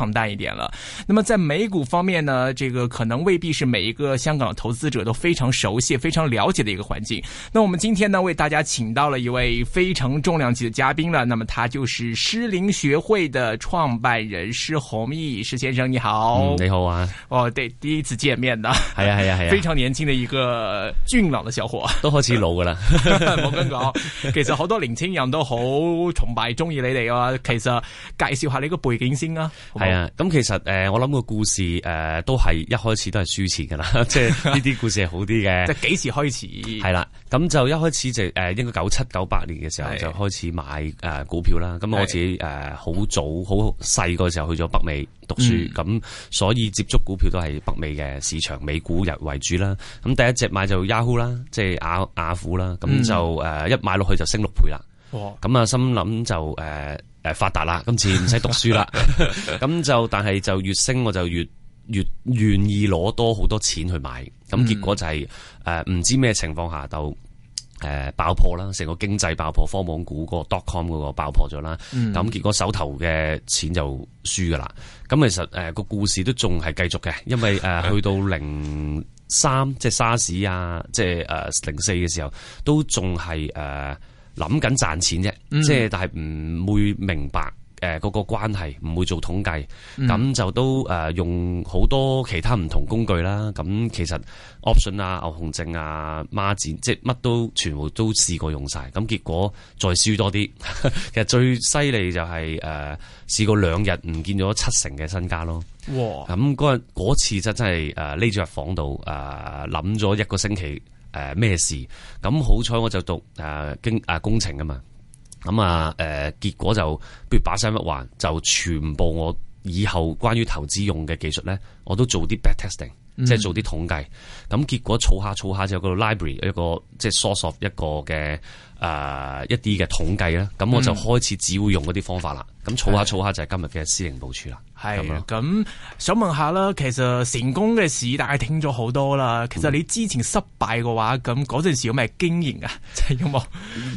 放淡一點了。那麼在美股方面呢，這個可能未必是每一個香港投資者都非常熟悉、非常了解的一個環境。那我們今天呢，為大家請到了一位非常重量級的嘉賓了。那麼他就是施淩學會的創辦人施宏毅施先生。你好。嗯、你好啊，我、哦、對第一次見面的。係啊係啊係啊，啊啊非常年輕的一個俊朗的小伙，都開始老噶啦，冇講講。其實好多年輕人都好崇拜、中意你哋啊。其實介紹下你個背景先啊，好咁其實誒，我諗個故事誒，都係一開始都係輸錢㗎喇，即係呢啲故事係好啲嘅。即係幾時開始？係啦，咁就一開始就誒，應該九七九八年嘅時候就開始買誒股票啦。咁的我自己誒，好早好細個時候去咗北美讀書，咁、嗯、所以接觸股票都係北美嘅市場，美股入為主啦。咁第一隻買就 Yahoo 啦，即係雅雅虎啦，咁就誒一買落去就升六倍啦。咁啊哇，我心諗就誒。呃誒，發達啦！今次唔使讀書啦，咁 就，但係就越升我就越越願意攞多好多錢去買，咁結果就係誒唔知咩情況下就誒、呃、爆破啦，成個經濟爆破，科網股、個 dotcom 嗰個爆破咗啦，咁、嗯、結果手頭嘅錢就輸噶啦。咁其實誒個、呃、故事都仲係繼續嘅，因為誒、呃、去到零三即係沙士啊，即係誒零四嘅時候都仲係誒。呃諗緊賺錢啫，即係、嗯、但係唔會明白誒嗰個關係，唔會做統計，咁、嗯、就都誒用好多其他唔同工具啦。咁其實 Option 啊、牛熊證啊、孖展，即係乜都全部都試過用晒。咁結果再輸多啲， 其實最犀利就係誒試過兩日唔見咗七成嘅身家咯。咁嗰哇次真真係誒匿咗入房度誒諗咗一個星期。誒咩、呃、事？咁好彩我就讀誒、呃、經誒、呃、工程啊嘛。咁啊誒、呃、結果就不如把山乜還，就全部我以後關於投資用嘅技術咧，我都做啲 bad testing。嗯，即係做啲統計，咁結果儲下儲下就有個 library 一個即係 source of 一個嘅誒一啲嘅統計啦，咁我就開始只會用啲方法啦。咁儲下儲下就係今日嘅施淩部署啦。係咁，想問下啦，其實成功嘅事大家聽咗好多啦。其實你之前失敗嘅話，咁陣時有咩經驗啊？係有冇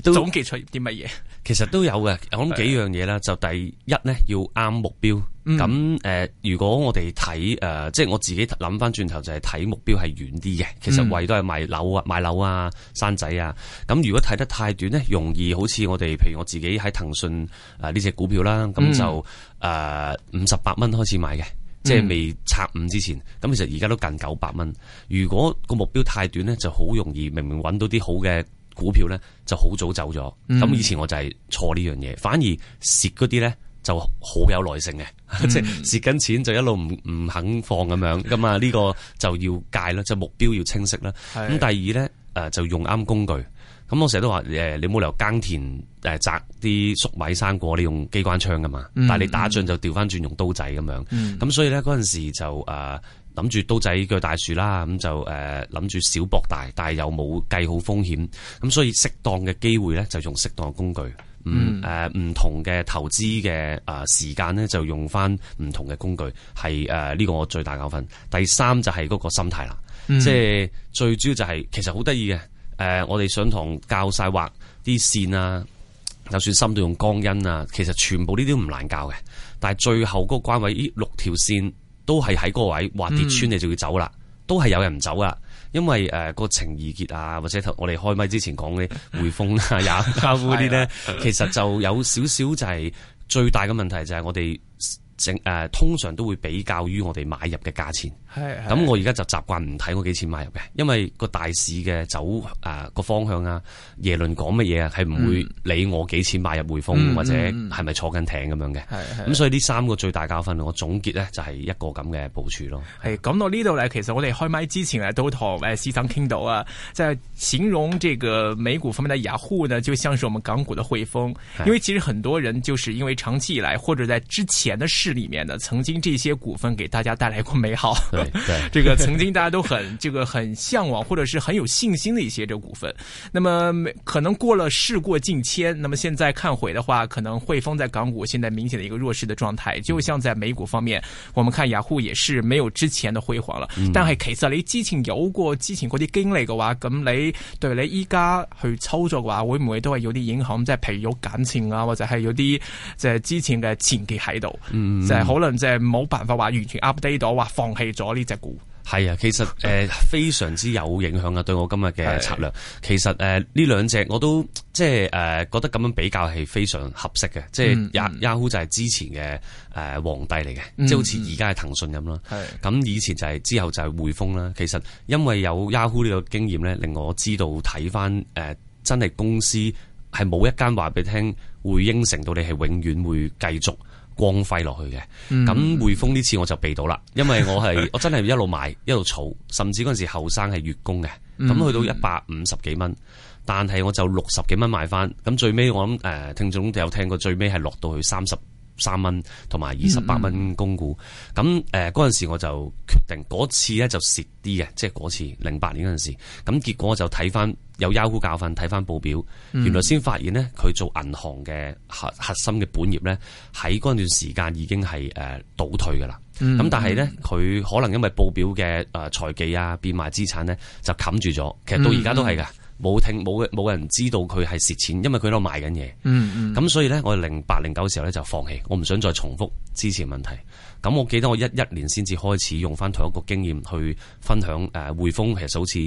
都總結出啲乜嘢？其實都有嘅，我諗幾樣嘢啦。就第一咧要啱目標，咁誒如果我哋睇誒即係我自己諗翻住。頭就係睇目標係遠啲嘅，其實為都係賣樓、嗯、啊、賣樓啊、生仔啊。咁如果睇得太短咧，容易好似我哋，譬如我自己喺騰訊啊呢隻股票啦，咁、嗯、就誒五十八蚊開始買嘅，即係未拆五之前。咁、嗯、其實而家都近九百蚊。如果個目標太短咧，就好容易明明揾到啲好嘅股票咧，就好早走咗。咁、嗯、以前我就係錯呢樣嘢，反而蝕嗰啲咧。就好有耐性嘅，即係蝕緊錢就一路唔唔肯放咁樣噶啊，呢 個就要戒啦，即係，目標要清晰啦。咁是的 第二咧，誒、呃、就用啱工具。咁我成日都話，誒、呃、你冇理由耕田誒、呃、摘啲粟米生果，你用機關槍噶嘛，嗯、但係你打仗就掉翻轉用刀仔咁樣。咁、嗯嗯、所以咧嗰陣時就誒諗住刀仔鋸大樹啦，咁就誒諗住小博大，但係又冇計好風險，咁所以適當嘅機會咧就用適當嘅工具。嗯，誒、呃，唔同嘅投資嘅誒時間咧，就用翻唔同嘅工具，係誒呢個我最大教訓。第三就係嗰個心態啦，嗯、即係最主要就係、是、其實好得意嘅，誒、呃、我哋上堂教晒畫啲線啊，就算深度用江恩啊，其實全部呢啲都唔難教嘅，但係最後嗰個關位，咦，六條線都係喺嗰個位畫跌穿，你就要走啦，嗯、都係有人唔走噶。因為誒個情義結啊，或者頭我哋開麥之前講嘅匯豐啊、也渣富啲咧， 其實就有少少就係、是、 最大嘅問題就係我哋整誒通常都會比較於我哋買入嘅價錢。係咁，我而家就習慣唔睇我幾錢買入嘅，因為個大市嘅走誒個方向啊，耶倫講乜嘢啊，係唔會理我幾錢買入匯豐、嗯、或者係咪坐緊艇咁樣嘅、嗯。咁、嗯、所以呢三個最大教訓，我總結呢就係一個咁嘅部署咯、欸。係講到呢度咧，其實我哋開麥之前啊，都同喺 Samsung Kindle 啊，在形容這個美股方面的雅虎呢，就像是我們港股的匯豐，因為其實很多人就是因為長期以來或者在之前的市裏面呢，曾經這些股份給大家帶來過美好。對， 這個曾經大家都很這個很向往，或者是很有信心的一些這股份，那麼可能過了事過境遷，那麼現在看回的話，可能匯豐在港股現在明顯的一個弱勢的狀態，就像在美股方面，我們看雅虎、ah、也是沒有之前的輝煌了。但係其實你之前有過之前嗰啲經歷嘅話，咁你對你依家去操作嘅話，會唔會都會有啲影響，即係培育有感情啊，或者係有啲即係之前嘅情結喺度，嗯，就係可能就係冇辦法話完全 update 到，話放棄咗。呢隻股係啊，其實誒、呃、非常之有影響啊，對我今日嘅策略。的其實誒呢兩隻我都即係誒、呃、覺得咁樣比較係非常合適嘅，嗯、即係 Yahoo 就係之前嘅誒、呃、皇帝嚟嘅。嗯、即係好似而家係騰訊咁咯。係咁、嗯、以前就係、是、之後就係匯豐啦。其實因為有 Yahoo 呢個經驗咧，令我知道睇翻誒真係公司係冇一間話俾你聽會應承到你係永遠會繼續光輝落去嘅，咁匯豐呢次我就避到啦，因為我係我真係一路買一路儲，甚至嗰陣時後生係月供嘅，咁、嗯嗯、去到一百五十幾蚊，但係我就六十幾蚊買翻，咁最尾我諗誒、呃、聽眾有聽過最尾係落到去三十三蚊，同埋二十八蚊公股，咁誒嗰陣時我就決定嗰次咧就蝕啲嘅，即係嗰次零八年嗰陣時，咁結果我就睇翻。有 Yahoo 教訓，睇翻報表，原來先發現呢，佢做銀行嘅核核心嘅本業呢，喺嗰段時間已經係誒倒退噶啦。咁、嗯、但係呢，佢可能因為報表嘅誒財技啊，變賣資產呢，就冚住咗。其實到而家都係嘅，冇、嗯嗯、聽冇冇人知道佢係蝕錢，因為佢喺度賣緊嘢。咁、嗯嗯、所以呢，我哋零八零九嘅時候呢，就放棄，我唔想再重複之前問題。咁我記得我一一年先至開始用翻同一個經驗去分享誒、呃、匯豐，其實首次。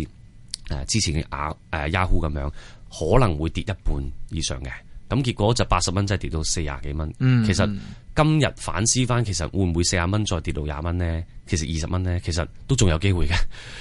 誒，之前嘅雅誒 Yahoo 咁樣，可能會跌一半以上嘅，咁結果就八十蚊真係跌到四十幾蚊。其實今日反思翻，其實會唔會四十蚊再跌到廿蚊咧？其實二十蚊咧，其實都仲有機會嘅，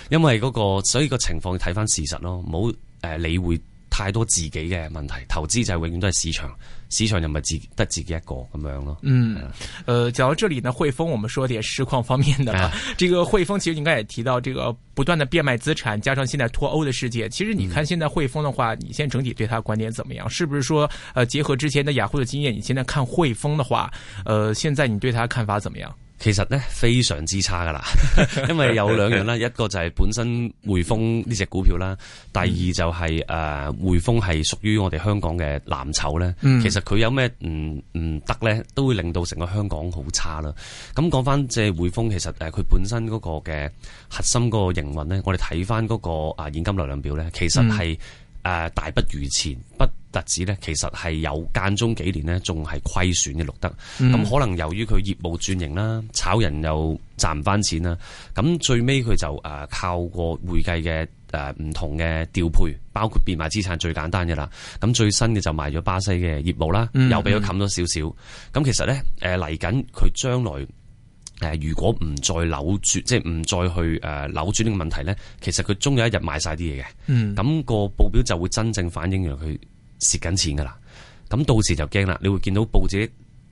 因為嗰個，所以個情況要睇翻事實咯，唔好誒理會。太多自己嘅問題，投資就是永遠都係市場，市場又唔係自得自己一個咁樣咯。嗯、誒、呃，講到這裏呢。匯豐，我們說點市況方面的啦。哎、呀這個匯豐其實應該也提到，這個不斷的變賣資產，加上現在脫歐的世界，其實你看現在匯豐的話，你現在整體對它觀點怎麼樣？嗯、是不是說，誒、呃，結合之前的雅虎、ah、的經驗，你現在看匯豐的話，誒、呃，現在你對它看法怎麼樣？其實咧，非常之差噶啦， 因為有兩樣啦， 一個就係本身匯豐呢隻股票啦，嗯、第二就係誒匯豐係屬於我哋香港嘅藍籌咧。嗯、其實佢有咩唔唔得咧，都會令到成個香港好差啦。咁講翻即係匯豐，其實誒佢本身嗰個嘅核心嗰個營運咧，我哋睇翻嗰個啊現金流量表咧，其實係誒大不如前不。嗯嗯特指咧，其實係有間中幾年咧，仲係虧損嘅錄得。咁可能由於佢業務轉型啦，炒人又賺唔返錢啦，咁最尾佢就誒靠過會計嘅誒唔同嘅調配，包括變賣資產最簡單嘅啦。咁最新嘅就賣咗巴西嘅業務啦，又俾佢冚咗少少。咁、嗯嗯、其實咧，誒嚟緊佢將來誒如果唔再扭轉，即係唔再去誒扭轉呢個問題咧，其實佢終有一日賣晒啲嘢嘅。咁、嗯、個報表就會真正反映佢。蝕緊錢噶啦，咁到時就驚啦，你會見到報紙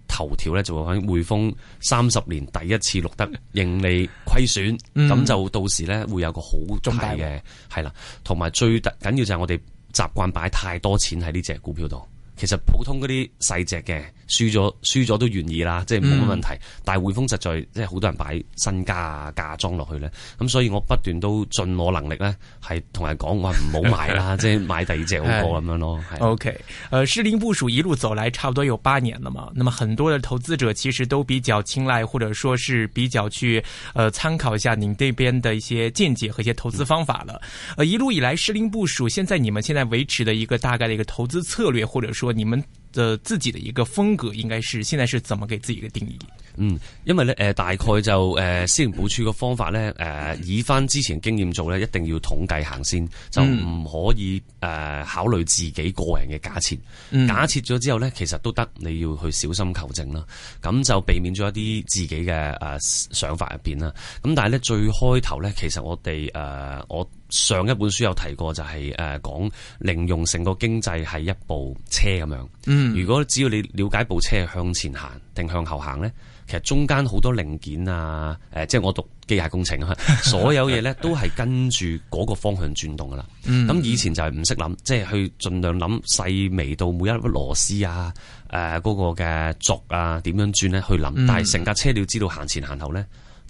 頭條咧，就會喺匯豐三十年第一次錄得盈利虧損，咁、 嗯、就到時咧會有個好中大嘅係啦，同埋最緊要就係我哋習慣擺太多錢喺呢隻股票度，其實普通嗰啲細隻嘅。輸咗輸咗都願意啦，即係冇乜問題。嗯、但係匯豐實在即係好多人擺身家啊嫁妝落去咧，咁所以我不斷都盡我能力咧，係同人講我唔好買啦， 即係買第二隻好過咁樣咯。 的 OK，誒、呃，施淩部署一路走來，差唔多有八年啦嘛。那麼很多嘅投資者其實都比較青睞，或者說是比較去，誒、呃、參考一下您呢邊嘅一些見解和一些投資方法啦。誒、嗯呃，一路以來施淩部署，現在你們現在維持的一個大概的一個投資策，策略，或者說你們。嘅自己的一個風格，應該是現在是怎麼給自己嘅定義？嗯，因為呢，誒、呃，大概就誒、呃，私營部署嘅方法呢，誒、嗯呃，以翻之前經驗做呢，一定要統計行先，就唔可以誒、呃，考慮自己個人嘅假設，嗯、假設咗之後呢，其實都得，你要去小心求證啦，咁就避免咗一啲自己嘅誒、呃、想法入邊啦。咁但係呢，最開頭呢，其實我哋誒、呃，我。上一本書有提過，就係、是、誒、呃、講零用成個經濟係一部車咁樣。嗯，如果只要你了解部車向前行定向後行咧，其實中間好多零件啊，誒、呃，即係我讀機械工程啊，所有嘢咧 都係跟住嗰個方向轉動㗎喇。嗯，咁以前就係唔識諗，即、就、係、是、去盡量諗細微到每一粒螺絲啊，誒、呃、嗰、那個嘅軸啊點樣轉咧去諗，嗯、但係成架車你要知道行前行後咧。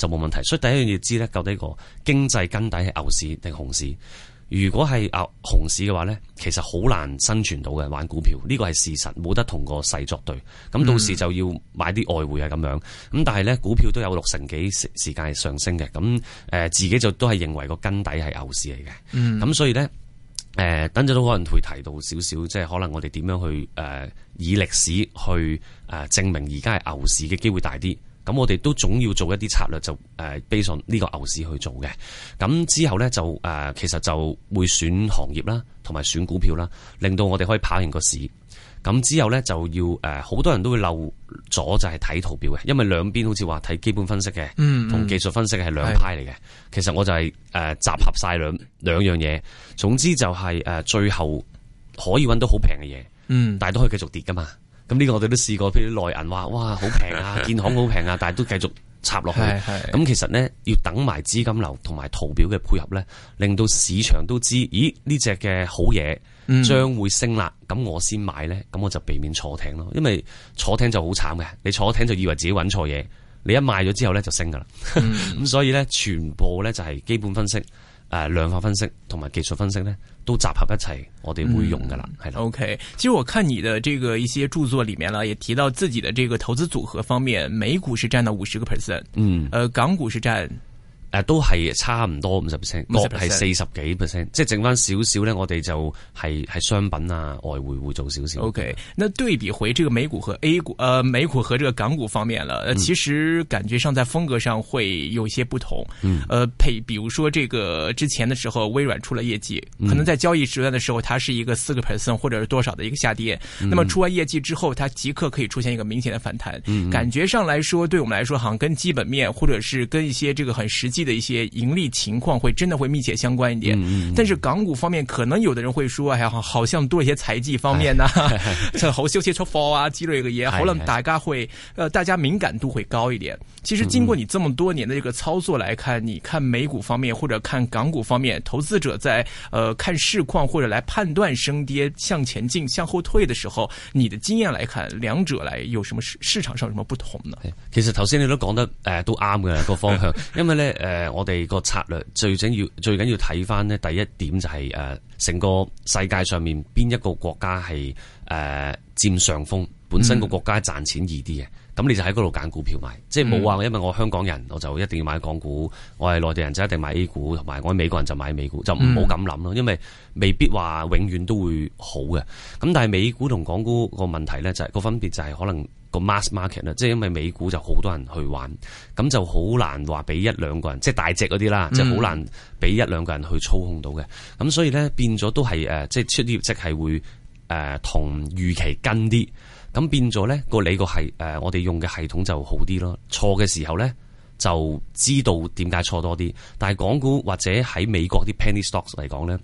就冇問題，所以第一樣嘢要知咧，究竟、這個經濟根底係牛市定熊市？如果係牛熊市嘅話咧，其實好難生存到嘅，玩股票呢個係事實，冇得同個勢作對。咁到時就要買啲外匯係咁樣。咁但係咧，股票都有六成幾時間係上升嘅。咁誒、呃，自己就都係認為個根底係牛市嚟嘅。咁、嗯、所以咧，誒、呃，等陣都可能會提到少少，即係可能我哋點樣去誒、呃、以歷史去誒、呃、證明而家係牛市嘅機會大啲。咁我哋都總要做一啲策略，就誒 base on 呢個牛市去做嘅。咁之後咧就誒、呃，其實就會選行業啦，同埋選股票啦，令到我哋可以跑贏個市。咁之後咧就要誒，呃、好多人都會漏咗就係睇圖表嘅，因為兩邊好似話睇基本分析嘅，同、嗯嗯、技術分析係兩派嚟嘅。是的 其實我就係、是、誒、呃，集合晒兩兩樣嘢，總之就係、是、誒、呃，最後可以揾到好平嘅嘢，嗯、但係都可以繼續跌噶嘛。咁呢個我哋都試過，譬如內銀話，哇，好平啊，建行好平啊！ 但係都繼續插落去。咁 其實呢，要等埋資金流同埋圖表嘅配合呢，令到市場都知，咦，呢隻嘅好嘢將會升啦，咁、嗯、我先買呢，咁我就避免坐艇咯。因為坐艇就好慘嘅，你坐艇就以為自己揾錯嘢，你一賣咗之後呢，就升噶啦。咁、嗯、 所以呢，全部呢就係基本分析。誒、啊，量化分析同埋技術分析咧，都集合一齊我哋會用噶啦，係啦、嗯。OK，其實我看你的這個一些著作裏面啦，也提到自己的這個投資組合方面，美股是佔到五十個 percent，嗯，誒、呃，港股是佔，都係差唔多五十 percent，係四十幾 percent，即係剩翻少少咧。我哋就係係商品啊、外匯會做少少。OK，那對比回這個美股和 A 股，誒、呃、美股和這個港股方面咧、呃，其實感覺上在風格上會有些不同。誒、嗯，譬、呃，比如說這個之前的時候，微軟出了業績，可能在交易時段的時候，它是一個四個 percent 或者是多少的一個下跌。嗯、那麼出完業績之後，它即刻可以出現一個明顯的反彈。嗯嗯、感覺上來說對我們來說，好像跟基本面或者是跟一些這個很實際。的一些盈利情況會真的會密切相關一點，嗯、但是港股方面可能有的人會說，哎呀，好像多一些財技方面啊，哎、 好少些炒法啊，積累個嘢，哎、可能大家會，呃，大家敏感度會高一點。其實經過你這麼多年的這個操作來看，嗯、你看美股方面或者看港股方面，投資者在，呃，看市況或者來判斷升跌、向前進、向後退的時候，你的經驗來看，兩者來有什麼市市場上有什麼不同呢？其實頭先你都講得，誒、呃，都啱嘅、這個方向，因為咧，誒、呃。誒、呃，我哋個策略最緊要最緊要睇翻，咧，第一點就係、是、誒，成、呃、個世界上面邊一個國家係誒佔上風，本身個國家賺錢易啲嘅，咁、嗯、你就喺嗰度揀股票買，即係冇話因為我香港人我就一定要買港股，我係內地人就一定買 A 股，同埋我係美國人就買美股，就唔好咁諗咯，嗯、因為未必話永遠都會好嘅。咁但係美股同港股個問題呢、就是，就、那、係個分別就係可能。個 mass market 啦，即係因為美股就好多人去玩，咁就好難話俾一兩個人，即係大隻嗰啲啦，嗯、即係好難俾一兩個人去操控到嘅。咁所以咧變咗都係誒，即係出啲業績係會誒同、呃、預期跟啲。咁變咗咧個你個係誒，我哋用嘅系統就好啲咯。錯嘅時候咧就知道點解錯多啲，但係港股或者喺美國啲 penny stocks 嚟講咧。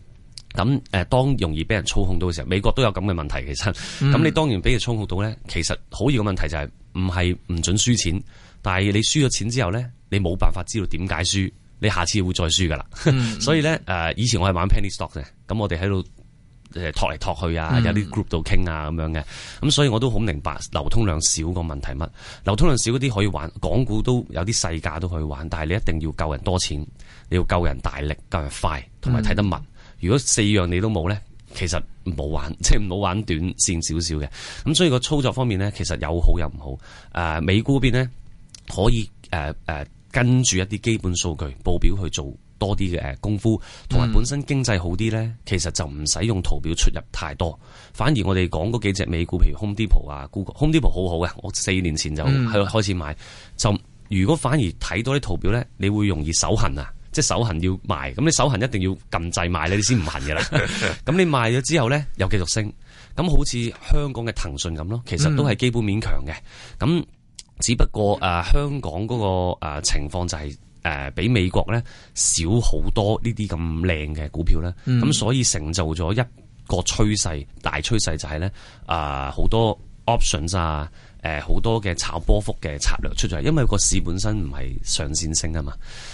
咁誒，當容易俾人操控到嘅時候，美國都有咁嘅問題。其實咁，嗯、你當然俾佢操控到咧，其實好易嘅問題就係唔係唔准輸錢，但係你輸咗錢之後咧，你冇辦法知道點解輸，你下次會再輸噶啦。嗯、 所以咧，誒、呃，以前我係玩 penny stock 嘅，咁我哋喺度誒托嚟托去啊，有啲 group 度傾啊，咁樣嘅。咁所以我都好明白流通量少個問題乜，流通量少嗰啲可以玩港股都有啲細價都可以玩，但係你一定要夠人多錢，你要夠人大力，夠人快，同埋睇得密。嗯如果四樣你都冇咧，其實唔好玩，即係唔好玩短綫少少嘅。咁所以個操作方面咧，其實有好有唔好。誒、呃，美股嗰邊咧，可以誒誒、呃呃、跟住一啲基本數據報表去做多啲嘅誒功夫，同埋本身經濟好啲咧，其實就唔使用，用圖表出入太多。反而我哋講嗰幾隻美股，譬如 Home Depot 啊、Google、Home Depot 好好嘅，我四年前就喺度始買。嗯、就如果反而睇多啲圖表咧，你會容易手痕啊。即係手痕要賣，咁你手痕一定要撳掣賣，你先唔痕嘅啦。咁 你賣咗之後咧，又繼續升，咁好似香港嘅騰訊咁咯，其實都係基本面強嘅。咁、嗯、只不過誒、呃、香港嗰、那個誒、呃、情況就係、是、誒、呃、比美國咧少好多呢啲咁靚嘅股票啦。咁、嗯、所以成就咗一個趨勢，大趨勢就係、是、咧，啊、呃、好多 options 啊。誒好多嘅炒波幅嘅策略出咗嚟，因為個市本身唔係上線性啊嘛，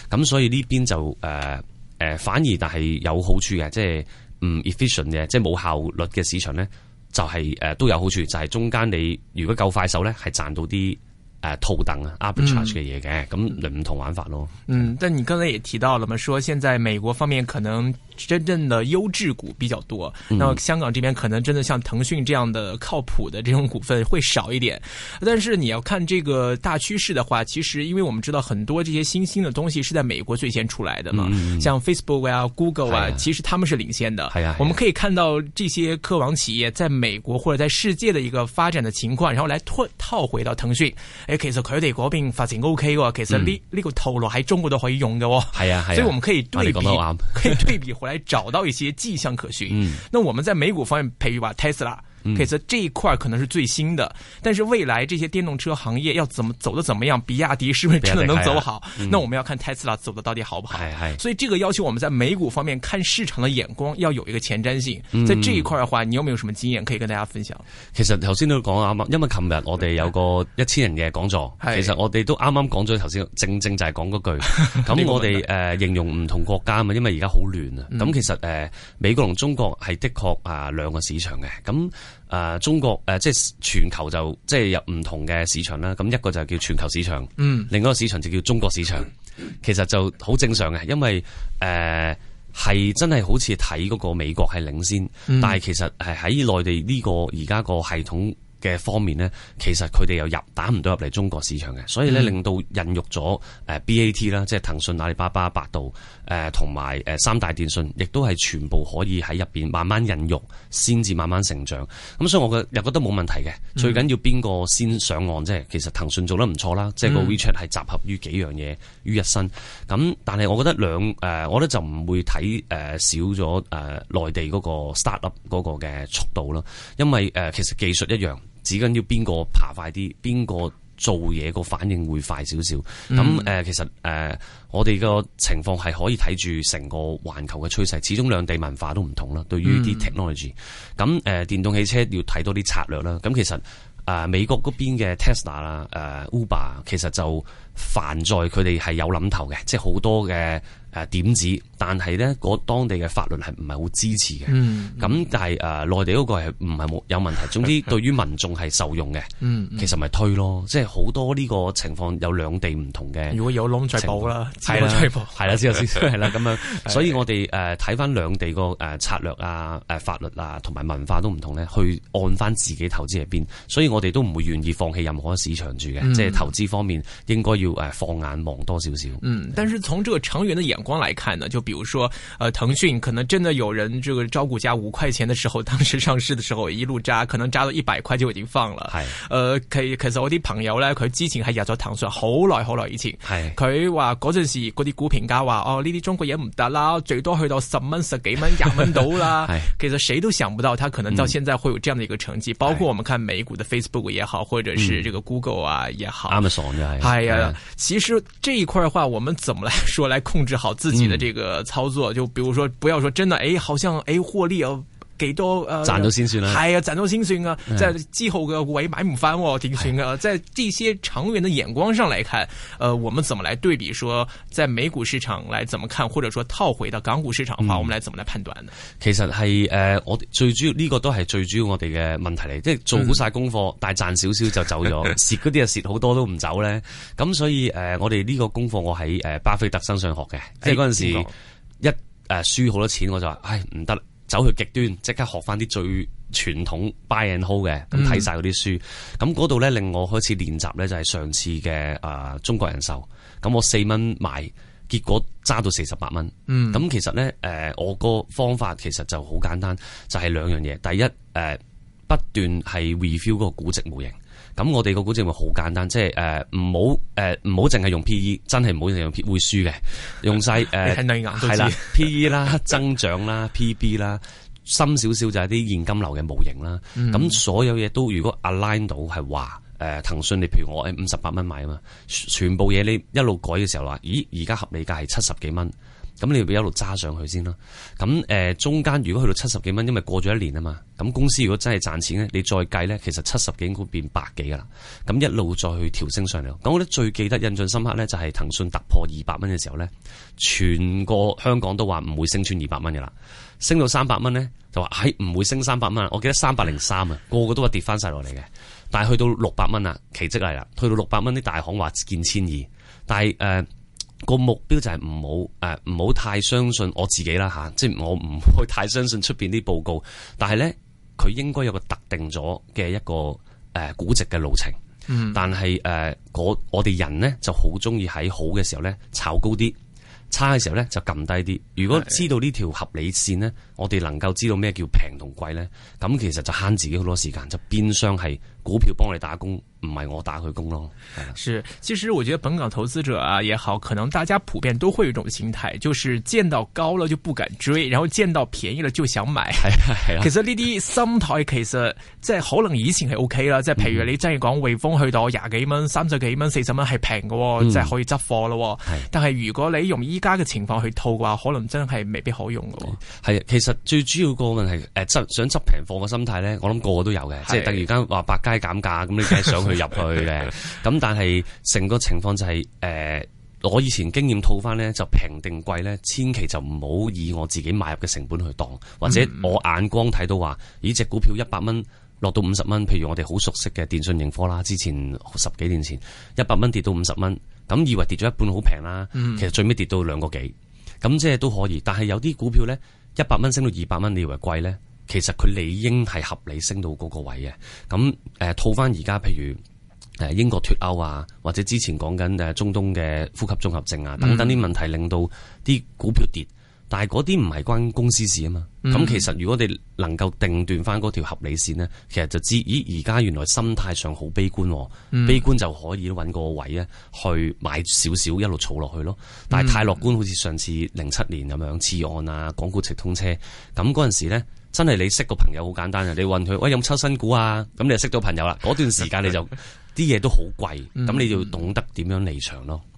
咁所以呢邊就誒誒、呃呃、反而但係有好處嘅，即係唔 efficient 嘅，即係冇效率嘅市場咧，就係、是、誒、呃、都有好處，就係、是、中間你如果夠快手咧，係賺到啲。誒，套等啊，upcharge 嘅嘢嘅，咁你唔同玩法咯。嗯，但你剛才也提到了嘛，說現在美國方面可能真正的優質股比較多，咁、嗯、香港這邊可能真的像騰訊這樣的靠譜的這種股份會少一點。但是你要看這個大趨勢的話，其實因為我們知道很多這些新興的東西是在美國最先出來的嘛，嗯、像 Facebook 啊、Google 啊，啊其實他們是領先的。係啊，啊我們可以看到這些科網企業在美國或者在世界的一個發展的情況，然後來套套回到騰訊。其實佢哋嗰邊發展 OK 嘅，其實呢呢個套路喺中國都可以用嘅、哦，係啊，啊。所以我們可以對比，嗯、可以對比回來找到一些跡象可循。嗯，那我們在美股方面譬如吧，Tesla。可以在這一塊可能是最新的，但是未來這些電動車行業要怎麼走得怎麼樣？比亞迪是不是真的能走好？那我們要看 Tesla 走的到底好不好？係係、嗯，所以這個要求我們在美股方面看市場的眼光要有一個前瞻性。嗯、在這一塊的話，你有冇有什麼經驗可以跟大家分享？其實頭先都講啱，啱，因為琴日我哋有一個一千人嘅講座，嗯、其實我哋都啱啱講咗頭先，剛剛正正就係講嗰句。咁哈我哋誒、呃、形容唔同國家嘛，因為而家好亂啊。咁、嗯嗯、其實誒、呃、美國同中國係的確啊兩個市場嘅咁。嗯嗯嗯嗯誒、呃，中國誒、呃，即係全球就即係有唔同嘅市場啦。咁一個就叫全球市場，嗯、另一個市場就叫中國市場。其實就好正常嘅，因為誒係、呃、真係好似睇嗰個美國係領先，嗯、但係其實係喺內地呢個而家個系統嘅方面呢，其實佢哋又入打唔到入嚟中國市場嘅，所以呢，嗯、令到孕育咗誒 B A T 啦，即係騰訊、阿里巴巴、百度誒同埋誒三大電訊，亦都係全部可以喺入邊慢慢孕育，先至慢慢成長。咁、嗯嗯、所以我嘅又覺得冇問題嘅，最緊要邊個先上岸即係，其實騰訊做得唔錯啦，即係個 WeChat 係集合於幾樣嘢於一身。咁但係我覺得兩誒、呃，我覺得就唔會睇誒少咗誒內地嗰個 startup 嗰個嘅速度啦，因為誒、呃、其實技術一樣。只緊要邊個爬快啲，邊個做嘢個反應會快少少。咁誒、嗯，其實誒、呃，我哋個情況係可以睇住成個環球嘅趨勢。始終兩地文化都唔同啦，對於啲 technology。咁誒、嗯嗯呃，電動汽車要睇多啲策略啦。咁、嗯、其實誒、呃，美國嗰邊嘅 Tesla 啦、呃，誒 Uber 其實就。凡在佢哋係有諗頭嘅，即係好多嘅誒點子，但係呢，嗰當地嘅法律係唔係好支持嘅。咁但係誒內地嗰個係唔係冇有問題？總之對於民眾係受用嘅。其實咪推咯，即係好多呢個情況有兩地唔同嘅。如果有窿再補啦，係啦，係啦，先先啦，咁樣。所以我哋誒睇翻兩地個誒策略啊、誒法律啊同埋文化都唔同呢，去按翻自己投資喺邊。所以我哋都唔會願意放棄任何市場住嘅，即係投資方面應該要。要放眼望多少少。嗯，但是從這個長遠的眼光來看呢，就比如說，誒騰訊可能真的有人，這個招股價五塊錢的時候，當時上市的時候一路揸，可能揸到一百塊就已經放了。係，誒，佢其實我啲朋友呢，佢之前係揸咗騰訊，好耐好耐以前，係佢話嗰陣時嗰啲股評家話，哦呢啲中國嘢唔得啦，最多去到十蚊、十幾蚊、廿蚊到啦。其實誰都想不到，他可能到現在會有這樣的一個成績。包括我們看美股的 Facebook 也好，或者是這個 Google 啊也好，咁樣，係，係啊。其實這一塊的話，我們怎麼來說，來控制好自己的這個操作？嗯。就比如說，不要說真的，誒，好像誒獲利哦、啊。幾多誒賺到先算啦？係啊，賺到先算啊！即係之後嘅位又買唔翻喎，點、 哎、算啊？即係是的、啊啊、這些長遠嘅眼光上嚟，看，誒、呃 呃，我們怎麼來對比？說在美股市場來怎麼看，或者說套回到港股市場嘅話，嗯、我們來怎麼來判斷呢？其實係誒、呃，我最主要呢、這個都係最主要我哋嘅問題嚟，即係做好晒功課，嗯、 但係賺少少就走咗，蝕嗰啲啊蝕好多都唔走咧。咁所以誒，我哋呢個功課我喺誒巴菲特身上學嘅，即係嗰陣時一誒輸好多錢，我就話唉唔得啦。走去極端，即刻學翻啲最傳統 buy and hold 嘅，咁睇曬啲書咁度咧，令我開始練習咧，就係上次嘅誒、呃、中國人壽，咁我四蚊買，結果揸到四十八蚊，咁、嗯、其實咧誒、呃、我個方法其實就好簡單就係、是、兩樣嘢，嗯、第一誒、呃、不斷係 review 個估值模型。咁我哋個估值會好簡單，即係誒唔好誒唔好淨係用 P E，真係唔好淨用 P 會輸嘅，用晒，誒係啦 P E 啦增長啦 P B 啦，PP，深少少就係啲現金流嘅模型啦。咁、嗯、所有嘢都如果 align 到係話誒騰訊，你譬如我誒五十八蚊買啊嘛，全部嘢你一路改嘅時候話，咦而家合理價係七十幾蚊。咁你要俾一路揸上去先啦。咁誒、呃，中間如果去到七十幾蚊，因為過咗一年啊嘛。咁公司如果真係賺錢咧，你再計咧，其實七十幾應該變百幾噶啦。咁一路再去調升上嚟。咁我覺得最記得、印象深刻咧，就係騰訊突破二百蚊嘅時候咧，全個香港都話唔會升穿二百蚊噶啦。升到三百蚊咧，就話喺唔會升三百蚊。我記得三百零三啊，個個都話跌翻晒落嚟嘅。但係去到六百蚊啊，奇跡嚟啦。去到六百蚊，啲大行話見千二，但係誒。呃個目標就係唔好誒，唔、呃、好太相信我自己啦吓，即、啊、係、就是，我唔會太相信出邊啲報告。但係咧，佢應該有個特定咗嘅一個誒、呃、估值嘅路程。嗯，但，但係誒，我我哋人咧就好中意喺好嘅時候咧炒高啲，差嘅時候咧就撳低啲。如果知道呢條合理線咧。我哋能夠知道咩叫平同貴呢？咁其實就慳自己好多時間，就變相係股票幫你打工，唔係我打佢工咯。所以其實我覺得本港投資者啊也好，可能大家普遍都會有一種心態，就是見到高了就不敢追，然後見到便宜了就想買。係、啊啊、其實呢啲心態其實即係可能以前係 OK 啦，即係譬如你真係講匯豐去到廿幾蚊、三十幾蚊、四十蚊係平嘅，即係、嗯、可以執貨咯。係是，但係如果你用依家嘅情況去套嘅話，可能真係未必可用嘅。係，其其實最主要個問題，誒、呃，執想執平貨嘅心態咧，我諗個個都有嘅，的即係突然間話百佳減價，咁你梗係想去入去嘅。咁 但係成個情況就係、是，誒、呃，我以前經驗套翻咧，就平定貴咧，千祈就唔好以我自己買入嘅成本去當，或者我眼光睇到話，以、嗯、隻股票一百蚊落到五十蚊，譬如我哋好熟悉嘅電訊盈科啦，之前十幾年前一百蚊跌到五十蚊，咁以為跌咗一半好平啦，其實最尾跌到兩個幾，咁即係都可以。但係有啲股票咧。一百蚊升到二百蚊，你以為貴咧？其實佢理應係合理升到嗰個位嘅。咁誒套翻而家譬如誒英國脫歐啊，或者之前講緊誒中東嘅呼吸綜合症啊，等等啲問題令到啲股票跌。但係嗰啲唔係關公司事啊嘛，咁、嗯、其實如果你能夠定斷翻嗰條合理線呢，其實就知，咦，而家原來心態上好悲觀，嗯、悲觀就可以揾個位啊，去買少少一路儲落去咯。但係太樂觀，好似上次零七年咁樣，次案啊，港股直通車，咁嗰陣時咧，真係你識個朋友好簡單啊，你問佢喂，有冇抽新股啊，咁你就識到朋友啦。嗰段時間你就啲嘢 都好貴，咁、嗯、你就要懂得點樣離場咯。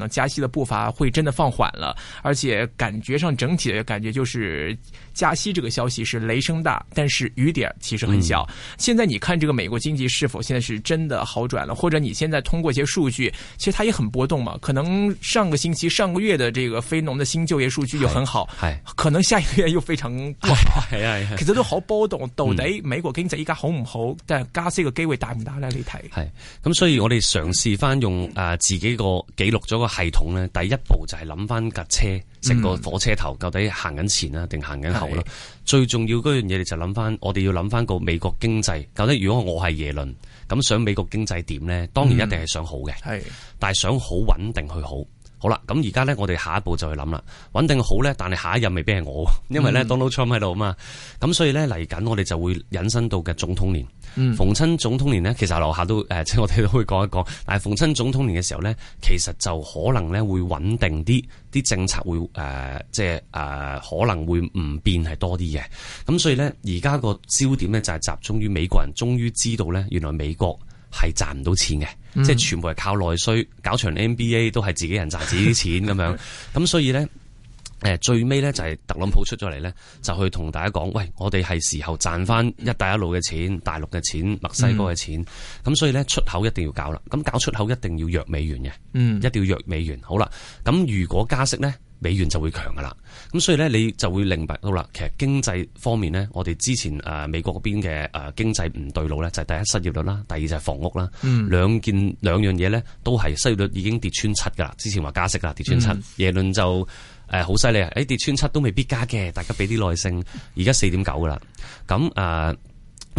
可能加息的步伐會真的放緩了，而且感覺上整體的感覺就是加息這個消息是雷聲大，但是雨點其實很小。嗯、現在你看這個美國經濟是否現在是真的好轉了？或者你現在通過一些數據，其實它也很波動嘛？可能上個星期、上個月的這個非農的新就業數據又很好，是可能下一個月又非常差。係啊係啊，其實都好波動。到底美國經濟依家好唔好？但加息嘅機會大唔大咧？你睇係咁，所以我哋嘗試翻用啊自己個記錄咗個。系統咧，第一步就係諗翻架車，成個、嗯、火車頭，到底行緊前啦，定行緊後啦。最重要嗰樣嘢，你就諗翻我哋要諗翻個美國經濟。究竟如果我係耶倫咁，想美國經濟點咧？當然一定係想好嘅，嗯、但係想好穩定去好。好啦，咁而家咧，我哋下一步就去諗啦。穩定好咧，但係下一任未必係我，因為咧 Donald Trump 喺度吖嘛。咁、嗯、所以咧嚟緊，我哋就會引申到嘅總統年，嗯、逢親總統年呢，其實樓下都誒，即係我哋都會講一講。但係逢親總統年嘅時候咧，其實就可能咧會穩定啲，啲政策會誒、呃，即係誒、呃、可能會唔變係多啲嘅。咁所以咧，而家個焦點咧就係集中於美國人終於知道咧，原來美國係賺唔到錢嘅。即係全部係靠內需，搞場 NBA 都係自己人賺自己啲錢咁樣，咁 所以呢，誒最尾呢就係特朗普出咗嚟呢，就去同大家講，喂，我哋係時候賺翻一帶一路嘅錢、大陸嘅錢、墨西哥嘅錢，咁、嗯、所以呢，出口一定要搞啦，咁搞出口一定要弱美元嘅，嗯，一定要弱美元。好啦，咁如果加息呢？美元就會強噶啦，咁所以咧你就會明白到啦。其實經濟方面呢，我哋之前誒美國嗰邊嘅誒經濟唔對路咧，就係第一失業率啦，第二就係房屋啦、嗯，兩件兩樣嘢咧都係失業率已經跌穿七噶啦。之前話加息啦，跌穿七，嗯、耶倫就誒好犀利啊！一、呃哎、跌穿七都未必加嘅，大家俾啲耐性。而家四點九噶啦，咁誒。呃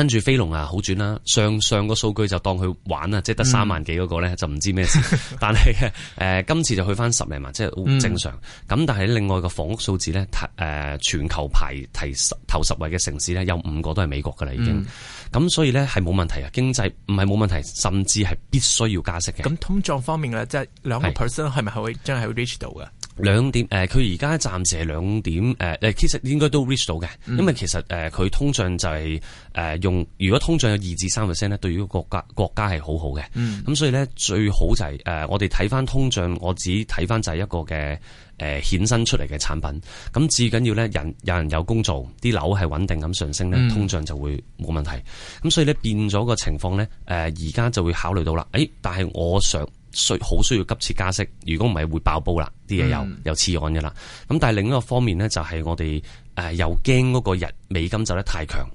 跟住飛龍啊，好轉啦、啊，上上個數據就當佢玩啦，即係得三萬幾嗰個咧，嗯、就唔知咩事。但係誒、呃，今次就去翻十零萬，即係正常。咁、嗯、但係另外個房屋數字咧，誒、呃，全球排第頭十位嘅城市咧，有五個都係美國噶啦，已經。咁、嗯、所以咧係冇問題啊，經濟唔係冇問題，甚至係必須要加息嘅。咁、嗯、通脹方面咧，即係兩個 percent 係咪係會真係會 reach 到噶？兩點誒，佢而家暫時係兩點誒誒、呃，其實應該都 reach 到嘅，嗯、因為其實誒佢、呃、通脹就係誒用，如果通脹有二至三 percent 咧，對於個國家國家係好好嘅。咁、嗯、所以咧，最好就係、是、誒、呃、我哋睇翻通脹，我只睇翻就係一個嘅誒衍生出嚟嘅產品。咁至緊要咧，人有人有工做，啲樓係穩定咁上升咧，通脹就會冇問題。咁、嗯、所以咧變咗個情況咧，誒而家就會考慮到啦。誒、欸，但係我想。需好需要急切加息，如果唔係會爆煲啦，啲嘢又又次案嘅啦。咁但係另一個方面呢，就係、是、我哋誒、呃、又驚嗰個日美金走得太強，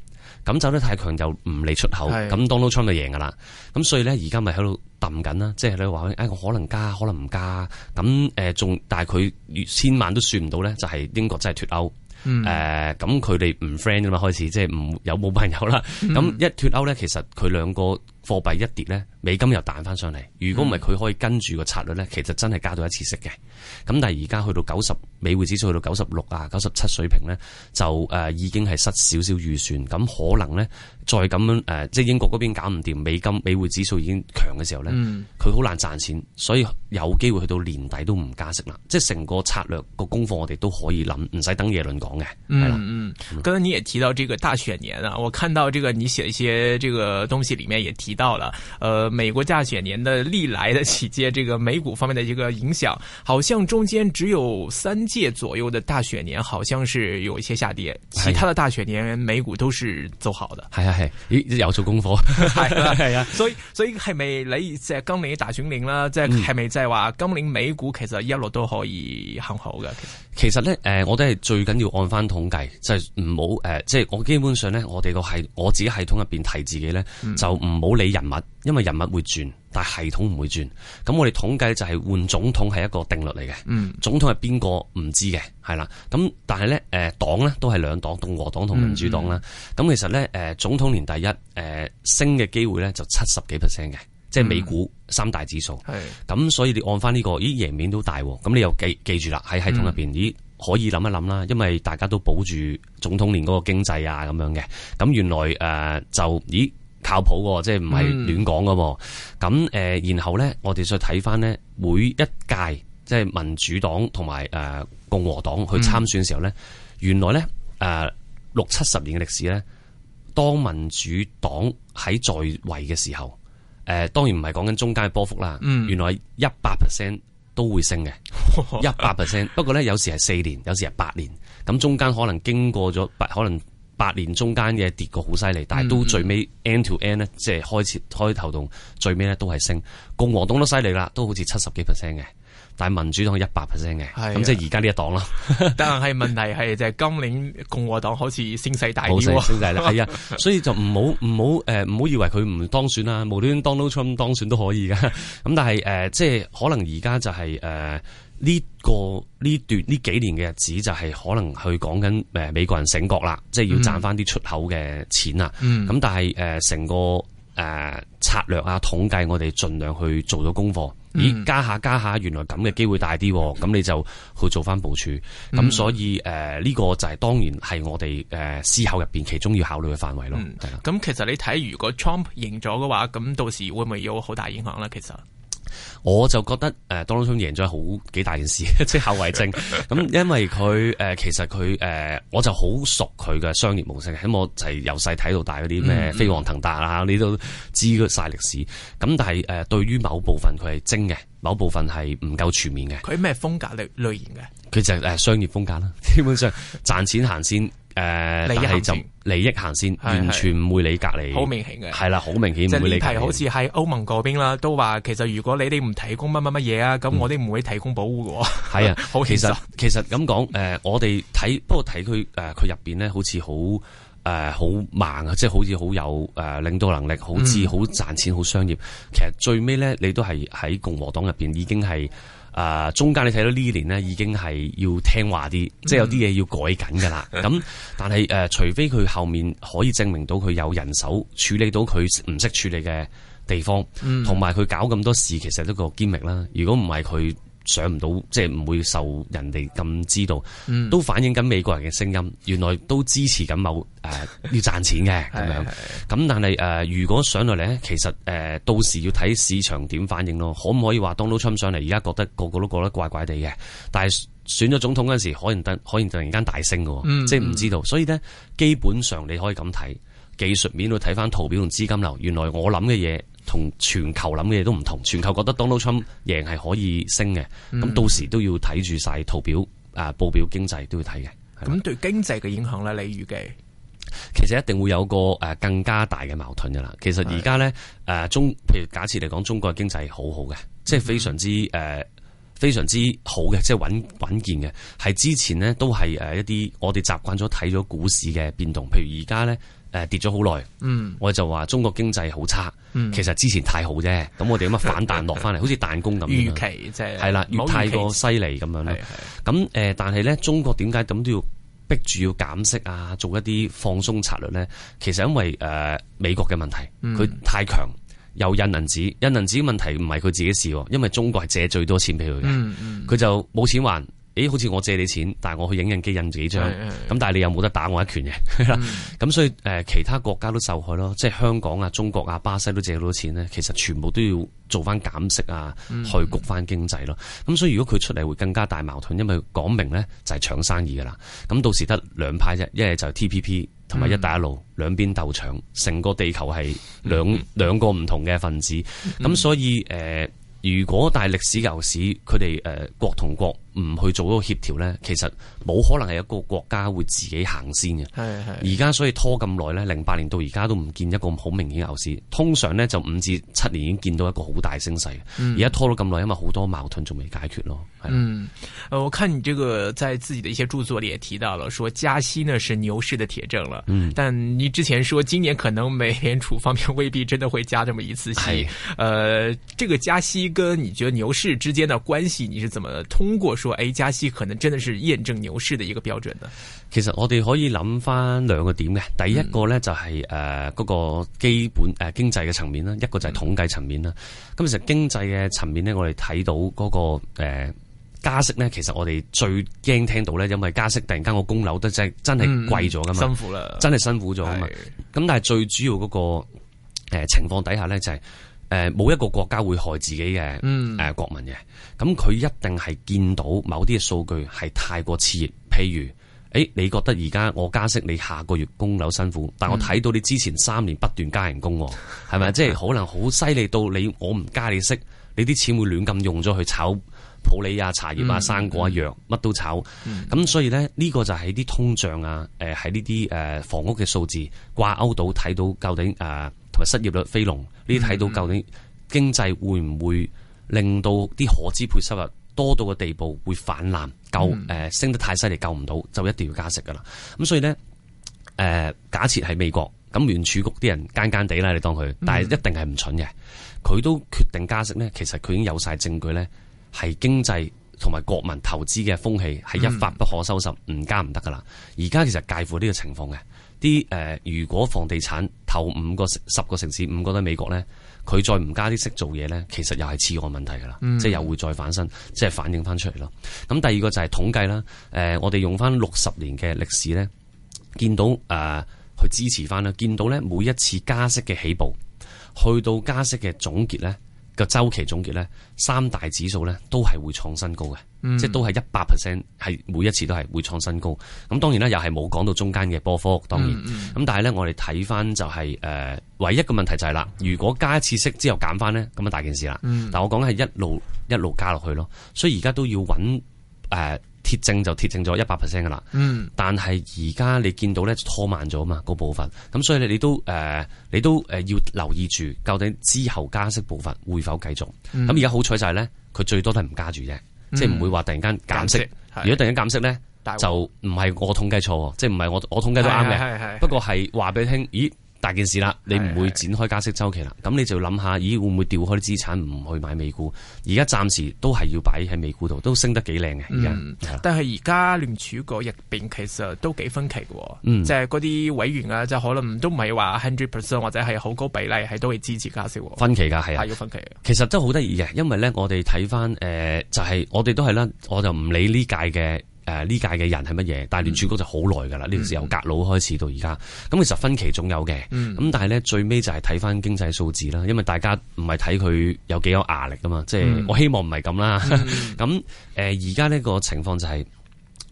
咁走得太強又唔理出口，咁是 Donald Trump 就贏噶啦。咁所以呢，而家咪喺度抌緊啦，即係你話誒我可能加可能唔加，咁誒仲但係佢千萬都算唔到呢，就係英國真係脫歐誒，咁佢哋唔 friend 噶嘛，呃、開始即係唔有冇朋友啦。咁一脫歐呢，其實佢兩個。貨幣一跌咧，美金又彈翻上嚟。如果唔係佢可以跟住個策略咧，其實真係加到一次息嘅。咁但係而家去到九十，美匯指數去到九十六啊九十七水平咧，就誒、呃、已經係失少少預算。咁可能咧再咁樣誒、呃，即係英國嗰邊搞唔掂，美金美匯指數已經強嘅時候咧，佢好、嗯、難賺錢。所以有機會去到年底都唔加息啦。即係成個策略個功課，我哋都可以諗，唔使等耶倫講嘅。嗯嗯，係啦，嗯剛剛你也提到這個大選年啊，我看到這個你寫一些這個東西裡面也提。到了，呃、嗯，美國大選年的歷來的幾屆，這個美股方面的一個影響，好像中間只有三屆左右的大選年，好像是有一些下跌，其他的大選年美股都是走好的。係啊係、啊啊，咦，有做功課，係啊係啊，所以所以係咪你即係今年大選年啦？即係係咪即係話今年美股其實一路都可以行好嘅？嗯、其實其實咧，誒、呃，我都係最緊要按翻統計，即係唔好誒，即、呃、係、就是、我基本上咧，我哋個係我自己系統入邊提自己咧，就唔好理。人物，因為人物會轉，但係系統唔會轉。咁我哋統計就係換總統係一個定律嚟嘅。嗯、總統係邊個唔知嘅，係啦。咁但係咧，誒黨咧都係兩黨，共和黨同民主黨啦。咁、嗯、其實咧，誒、呃、總統年第一，誒、呃、升嘅機會咧就七十幾 percent 嘅，即係美股三大指數。咁、嗯、所以你按翻、這、呢個，咦贏面都大。咁你又記記住啦，喺系統入邊，嗯、咦可以諗一諗啦，因為大家都保住總統年嗰個經濟啊咁樣嘅。咁原來誒、呃、就咦。咦靠譜喎，即係唔係亂講噶喎。咁誒、嗯呃，然後咧，我哋再睇翻咧，每一屆即係民主黨同埋誒共和黨去參選嘅時候咧，嗯、原來咧誒六七十年嘅歷史咧，當民主黨喺在，在位嘅時候，誒、呃、當然唔係講緊中間嘅波幅啦。嗯、原來一百 percent 都會升嘅，一百 percent。 不過咧，有時係四年，有時係八年，咁中間可能經過咗，可能。八年中間嘅跌過好犀利，但係都最尾 end to end 咧，即係開始開頭到最尾咧都係升。共和黨都犀利啦，都好似七十幾 percent 嘅，但係民主黨係、啊、一百 percent 嘅，咁即係而家呢一黨啦。但係問題係就係、是、今年共和黨好似聲勢大啲，聲勢大啲係啊，所以就唔好唔好誒唔好以為佢唔當選啦，無端端 Donald Trump 當選都可以噶。咁 但係誒、呃、即係可能而家就係、是、誒。呃呢、這個呢段呢幾年嘅日子就係可能去講緊誒美國人醒覺啦，嗯、即係要賺翻啲出口嘅錢啦。咁、嗯、但係誒成個誒、呃、策略啊統計，我哋盡量去做咗功課，嗯、咦加下加下，原來咁嘅機會大啲，咁、嗯、你就去做翻部署。咁、嗯、所以誒呢、呃這個就係當然係我哋誒思考入邊其中要考慮嘅範圍咯。係啦。咁其實你睇如果 Trump 贏咗嘅話，咁到時會唔會有好大，大影響咧？其實？我就覺得誒，Donald Trump 贏咗好幾大件事，即 係後遺症。咁 因為佢誒，其實佢誒，我就好熟佢嘅商業模式，咁我就係由細睇到大嗰啲咩飛黃騰達啦，嗯、你都知晒歷史。咁但係誒，對於某部分佢係精嘅，某部分係唔夠全面嘅。佢咩風格類類型嘅？佢就係誒商業風格啦，基本上賺錢行先。誒，呃、利益就利益行先，是的 完全唔會理隔籬。好的明顯嘅，係啦，好明顯唔會理隔離。即係呢題，好似喺歐盟嗰邊啦，都話其實如果你哋唔提供乜乜乜嘢啊，咁、嗯、我哋唔會提供保護嘅。係啊、嗯 實，其實其實咁講，誒、呃，我哋睇不過睇佢誒，佢入邊咧，呃就是、好似好誒，好盲啊，即係好似好有誒領導能力，好智，好賺、嗯、錢，好商業。其實最尾咧，你都係喺共和黨入邊，已經係。誒中間你睇到呢年咧，已經係要聽話啲，嗯、即係有啲嘢要改緊㗎啦。咁 但係誒、呃，除非佢後面可以證明到佢有人手處理到佢唔識處理嘅地方，同埋佢搞咁多事，其實都個堅力啦。如果唔係佢。上唔到，即係唔會受人哋咁知道，嗯、都反映緊美國人嘅聲音。原來都支持緊某誒、呃、要賺錢嘅咁 是的 樣。咁但係誒、呃，如果上落嚟咧，其實誒、呃、到時要睇市場點反應咯。可唔可以話 Donald Trump 上嚟？而家覺得個個都覺得怪怪地嘅，但係選咗總統嗰陣時，可能得可能突然間大升嘅，嗯、即係唔知道。所以呢，基本上你可以咁睇，技術面都睇翻圖表同資金流。原來我諗嘅嘢。同全球諗嘅嘢都唔同，全球覺得 Donald Trump 贏係可以升嘅，咁、嗯、到時都要睇住晒圖表誒、呃，報表經濟都要睇嘅。咁對經濟嘅影響咧，你預計？其實一定會有個誒更加大嘅矛盾噶啦。其實而家咧誒中，譬如假設嚟講，中國經濟好好嘅，即係非常之誒、呃、非常之好嘅，即係穩穩健嘅。係之前呢，都係誒一啲我哋習慣咗睇咗股市嘅變動，譬如而家咧。誒，跌咗好耐，嗯、我就話中國經濟好差，其實之前太好啫。咁我哋咁樣反彈落翻嚟， 好似彈弓咁樣，預期即係啦，了太過犀利咁樣啦。咁誒、呃，但係咧，中國點解咁都要逼住要減息啊？做一啲放鬆策略咧，其實因為誒、呃、美國嘅問題，佢太強，又印銀紙，印銀紙問題唔係佢自己事，因為中國係借最多錢俾佢，佢就冇錢還。咦、欸，好似我借你錢，但係我去影印機印幾張，咁是但係你又冇得打我一拳嘅？咁、 嗯嗯、所以誒，其他國家都受害咯，即係香港啊、中國啊、巴西都借好多錢咧，其實全部都要做翻減息啊，去焗翻經濟咯。咁所以如果佢出嚟會更加大矛盾，因為講明咧就係搶生意噶啦。咁到時得兩派啫，一係就 T P P 同埋一帶一路兩邊鬥搶，成個地球係兩兩個唔同嘅分子。咁、嗯嗯、所以誒、呃，如果大歷史牛市，佢哋誒國同國。唔去做嗰個協調呢，其實冇可能係一個國家會自己行先嘅。係係。而家所以拖咁耐呢，零八年到而家都唔見一個好明顯牛市。通常呢，就五至七年已經見到一個好大升勢。而家、嗯、拖咗咁耐，因為好多矛盾仲未解決咯。嗯，誒，我看你這個在自己的一些著作裏也提到了，說加息呢是牛市的鐵證了。嗯、但你之前說今年可能美聯儲方面未必真的會加這麼一次息。誒是、呃，這個加息跟你覺得牛市之間的關係，你是怎麼通過？說誒，加息可能真的是驗證牛市的一個標準的。其實我哋可以諗翻兩個點嘅，第一個咧就係誒嗰個基本誒經濟嘅層面啦，一個就係統計層面啦。咁其實經濟嘅層面咧，我哋睇到嗰個誒加息咧，其實我哋最驚聽到咧，因為加息突然間個供樓都真係真係貴咗噶嘛，辛苦啦，真係辛苦咗啊嘛。咁唉但係最主要嗰、那個誒、呃、情況底下咧就係、是。誒，冇一個國家會害自己嘅誒國民嘅，咁佢、嗯呃、一定係見到某啲嘅數據係太過熾熱，譬如誒，你覺得而家我加息，你下個月供樓辛苦，但我睇到你之前三年不斷加人工、哦，係咪、嗯？吧即係可能好犀利到你我唔加你息，你啲錢會亂咁用咗去炒普洱啊、茶葉啊、生果一、啊、樣，乜、嗯、都炒。咁、嗯嗯、所以呢，呢、呢個就係啲通脹啊，誒，喺呢啲誒房屋嘅數字掛鈎到睇到究竟誒。呃呃呃同埋失業率飛龍，呢啲睇到究竟經濟會唔會令到啲可支配收入多到個地步會泛濫，救誒、呃、升得太犀利救唔到，就一定要加息㗎喇。咁所以呢，誒、呃、假設係美國，咁聯儲局啲人奸奸哋啦，你當佢，但係一定係唔蠢嘅，佢、嗯、都決定加息呢，其實佢已經有晒證據呢，係經濟。同埋國民投資嘅風氣係一發不可收拾，唔、嗯、加唔得噶啦。而家其實介乎呢個情況嘅，啲、呃、誒，如果房地產投五個十個城市，五個都美國呢，佢再唔加啲息做嘢呢，其實又係次按問題噶啦，嗯、即係又會再反身，即係反映翻出嚟咯。咁第二個就係統計啦，誒、呃，我哋用翻六十年嘅歷史呢，見到誒、呃、去支持翻啦，見到咧每一次加息嘅起步，去到加息嘅總結呢。個周期總結咧，三大指數咧都係會創新高嘅，嗯、即係都係一百 percent 係每一次都係會創新高。咁當然啦，又係冇講到中間嘅波幅，當然。咁、嗯嗯、但係咧、就是，我哋睇翻就係誒，唯一嘅問題就係、是、啦，如果加一次息之後減翻咧，咁啊大件事啦。嗯、但係我講緊係一路一路加落去咯，所以而家都要揾誒。呃貼正就貼正咗一百 percent 噶啦，嗯、但係而家你見到咧拖慢咗嘛，嗰個部分，咁所以你都、呃、你都誒你都誒要留意住，究竟之後加息部分會否繼續？咁而家好彩就係咧，佢最多都係唔加住啫，嗯、即係唔會話突然間減息。如果突然間減息咧，的就唔係我統計錯，即係唔係我我統計都啱嘅，不過係話俾你聽，咦？大件事啦，你唔會展開加息周期啦，咁的你就諗下，會會下，咦會唔會調開啲資產唔去買美股？而家暫時都係要擺喺美股度，都升得幾靚嘅。嗯，的但係而家聯儲局入邊其實都幾分歧嘅，即係嗰啲委員啊，即係可能都唔係話 hundred percent 或者係好高比例係都會支持加息，分歧噶係啊，係要的的分歧其實真係好得意嘅，因為咧我哋睇翻誒，就係、是、我哋都係啦，我就唔理呢屆嘅。誒，呢屆嘅人係乜嘢？大聯儲局，就好耐噶啦，呢段史由格佬開始到而家。咁其實分歧總有嘅，咁、嗯、但係咧最尾就係睇翻經濟數字啦，因為大家唔係睇佢有幾有壓力噶嘛，嗯、即係我希望唔係咁啦。咁誒、嗯，而家呢個情況就係